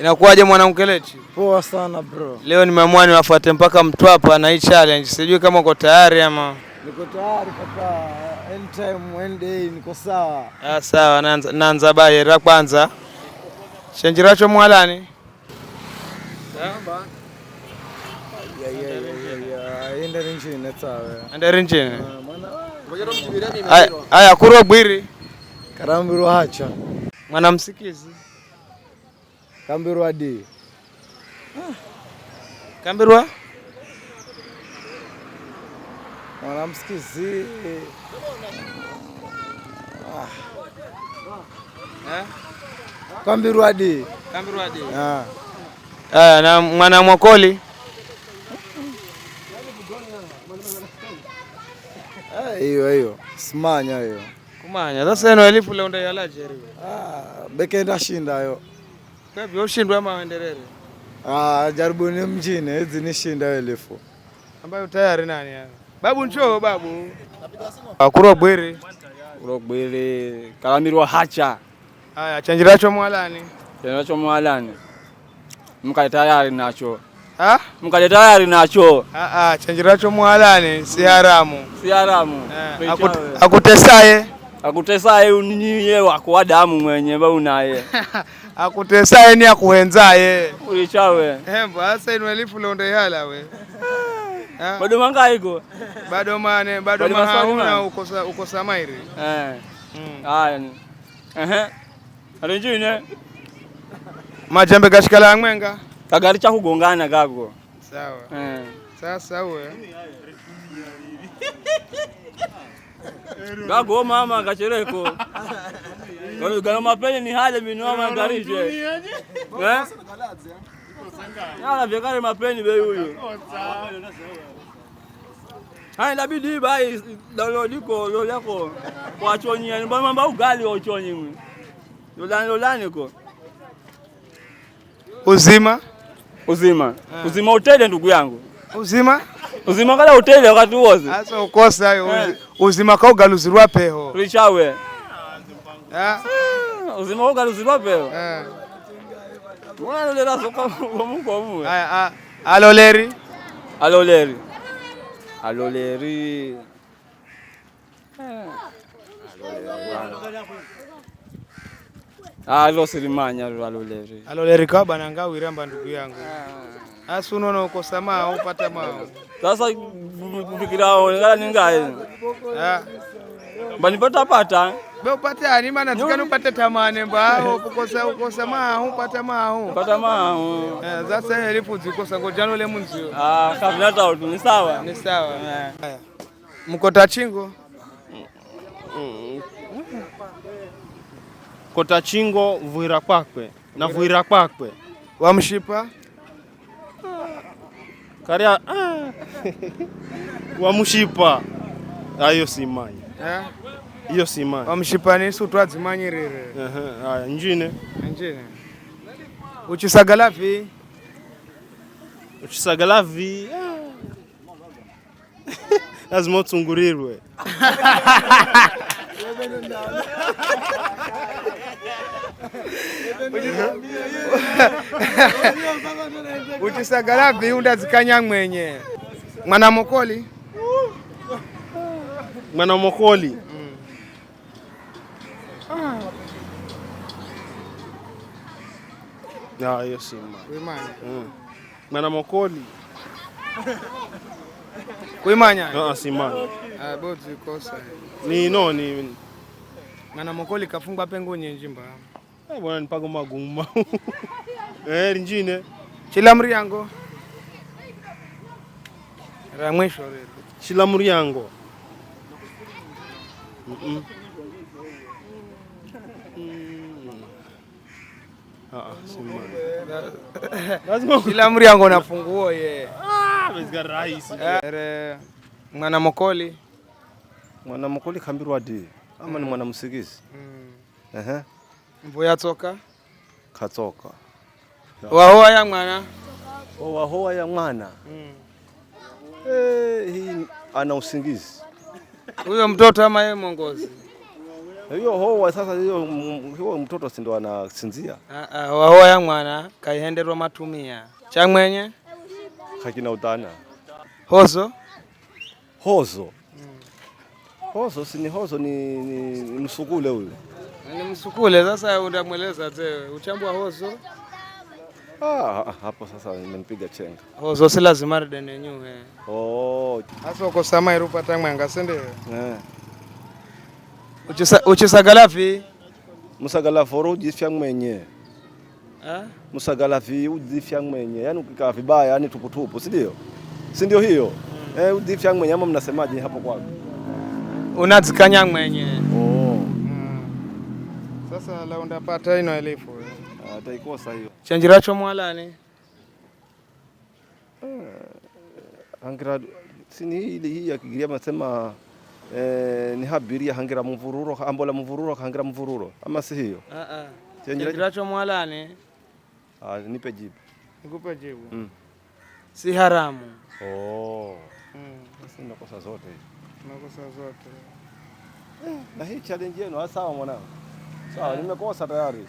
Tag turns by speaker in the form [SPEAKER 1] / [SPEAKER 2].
[SPEAKER 1] Inakuwaje mwanamke leti?
[SPEAKER 2] Poa sana bro.
[SPEAKER 1] Leo nimeamua niwafuate mpaka Mtwapa na hii challenge. Sijui kama uko tayari ama.
[SPEAKER 2] Niko tayari kaka. Anytime any day niko sawa.
[SPEAKER 1] Ah, sawa. Nanza baye ra kwanza. Shenjiracho mwalani.
[SPEAKER 2] Samba. Ya ya ya ya. Enda Enda rinjini rinjini. tawe. Sawa.
[SPEAKER 1] Endere nchini. Aya kurobwiri
[SPEAKER 2] karambirwa hacha
[SPEAKER 1] mwanamsikizi
[SPEAKER 2] Kambirwa di Ah. Kambirwa? Mwanamsikizi. Ah. Eh? Kambirwa D.
[SPEAKER 1] Kambirwa Ah. Ah, na mwana Mwakoli.
[SPEAKER 2] Eh, hiyo hiyo simanya hiyo
[SPEAKER 1] kumanya sasa eno elifu Ah,
[SPEAKER 2] bekenda shinda yo
[SPEAKER 1] kwa hivyo ushindwe ama waendelee?
[SPEAKER 2] Ah, jaribuni mjine hizi shinda elfu
[SPEAKER 1] ambayo tayari nani yani. Babu njoo babu. Ah, Kurobwere.
[SPEAKER 2] Kurobwere kalamirwa hacha.
[SPEAKER 1] Haya chanjiracho mwalani.
[SPEAKER 2] Chanjiracho mwalani. Mkale tayari nacho. Ha? Mkale tayari nacho.
[SPEAKER 1] Ah ah, chanjiracho mwalani si haramu.
[SPEAKER 2] Si haramu.
[SPEAKER 1] Eh, akutesaye.
[SPEAKER 2] Akutesaye uninyi wako wa damu mwenye ba unaye.
[SPEAKER 1] akutesaye ni akuhenzaye
[SPEAKER 2] ulichawe
[SPEAKER 1] hembo eh, asa inu elifu londe hala we
[SPEAKER 2] eh? bado iko
[SPEAKER 1] bado mane bado mahauna ukosa ukosa mairi
[SPEAKER 2] eh hmm. ah eh alinjine
[SPEAKER 1] majembe gashikala ngwenga
[SPEAKER 2] kagari cha kugongana kako
[SPEAKER 1] sawa eh sasa we
[SPEAKER 2] gago mama gachereko Gharama pele ni hale minua mangarishe. Eh? eh? vyakare mapeni bei huyu. Hai inabidi bai download iko Kwa chonyi ni bwana mambo ugali wa chonyi mwe. Yolani yolani ko. Uzima. Uzima. Eh. Uzima utele ndugu yangu. Uzima. Uzima kala utele wakati wote.
[SPEAKER 1] Sasa ukosa hiyo. Eh. Uzima ka ugaluzi peho
[SPEAKER 2] Richawe. Eh. uzima wako usilope. Eh. Mbona leo raso kwa Mungu amuwe.
[SPEAKER 1] aloleri.
[SPEAKER 2] Aloleri. Aloleri. Ah, lo aloleri.
[SPEAKER 1] Aloleri kwa bana ngau wiramba ndugu yangu. Eh. Asi ah, unaona uko upata mao.
[SPEAKER 2] Sasa kufikira ngala ah. ningaye. mbanipatapata Banipata pata
[SPEAKER 1] upate ani maana tukani upate tamane mbao kukosa ukosa mahu pata mahu
[SPEAKER 2] pata mahu
[SPEAKER 1] sasa eh, elifu zikosa ngojano le munzio
[SPEAKER 2] ah kabla za ni sawa
[SPEAKER 1] ni sawa eh. Eh. mkota chingo
[SPEAKER 2] kota chingo vuira kwakwe na vuira kwakwe
[SPEAKER 1] wamshipa
[SPEAKER 2] karia ah. wamshipa ayo simanya iyo simanya
[SPEAKER 1] wamshipanisa utwa dzimanyirire
[SPEAKER 2] haya njine
[SPEAKER 1] njine uchisagalavi
[SPEAKER 2] uchisagalavi lazima utungurirwe
[SPEAKER 1] uchisagala viu ndadzikanya mwenye mwana mokoli mwana mokoli mm. hiyo si imani. Mm. Mwana mokoli kuimanya
[SPEAKER 2] no, ah, si imani
[SPEAKER 1] ah, eh.
[SPEAKER 2] ni no ni
[SPEAKER 1] mwana mokoli kafungwa pengo nye njimba
[SPEAKER 2] eh, bwana nipago magumba
[SPEAKER 1] eh njine chila mriango ramwisho rero
[SPEAKER 2] chila mriango mm -mm. Ah, Kila mriango na funguo ye.
[SPEAKER 1] Ah, eh, mwana mokoli.
[SPEAKER 2] Mwana mokoli kambirwa di. Ama ni mwana msigizi. Hmm.
[SPEAKER 1] Ehe. Mvuya toka. Katsoka. Wahoa ya mwana.
[SPEAKER 2] Oh, wahoa ya mwana. Hmm. Eh, hii ana usingizi.
[SPEAKER 1] Huyo mtoto ama yeye mwongozi?
[SPEAKER 2] hiyo hoa sasa, hiyo hiyo mtoto si ndo anasinzia
[SPEAKER 1] ah, ah, hoa ya mwana kaihenderwa matumia cha mwenye
[SPEAKER 2] kakina utana hozo hozo hozo si ni hozo ni, ni, msukule huyo
[SPEAKER 1] ni msukule. Sasa utamweleza te uchambua hozo
[SPEAKER 2] ah, hapo sasa imenipiga chenga.
[SPEAKER 1] hozo si lazima oh. eh.
[SPEAKER 2] oh.
[SPEAKER 1] asa ukosama irupata mwanga sindie yeah uchisagala uchisagalavi
[SPEAKER 2] msagalavi ujifya mwenye msagalavi ujifya mwenye, yani ukikaa vibaya, yani tuputupu, sindio sindio hiyo mm. Eh, ujifya mwenye ama mnasemaje hapo kwako?
[SPEAKER 1] Unazikanya mwenye
[SPEAKER 2] oh. mm.
[SPEAKER 1] Sasa la undapata ino elifu
[SPEAKER 2] ataikosa ah, hiyo
[SPEAKER 1] chanjiracho mwalani
[SPEAKER 2] eh, angira sini hii ya Kigiria masema eh, habiria hangira muvururo ambola muvururo hangira muvururo ama si hiyo
[SPEAKER 1] ah, ah. chenjiracho mwalani
[SPEAKER 2] ah, nipe jibu
[SPEAKER 1] nikupe jibu mm. si haramu
[SPEAKER 2] oh. mm. nakosa zote
[SPEAKER 1] nakosa zote
[SPEAKER 2] eh, na hii challenge yenu ah, sawa mwanangu sawa nimekosa tayari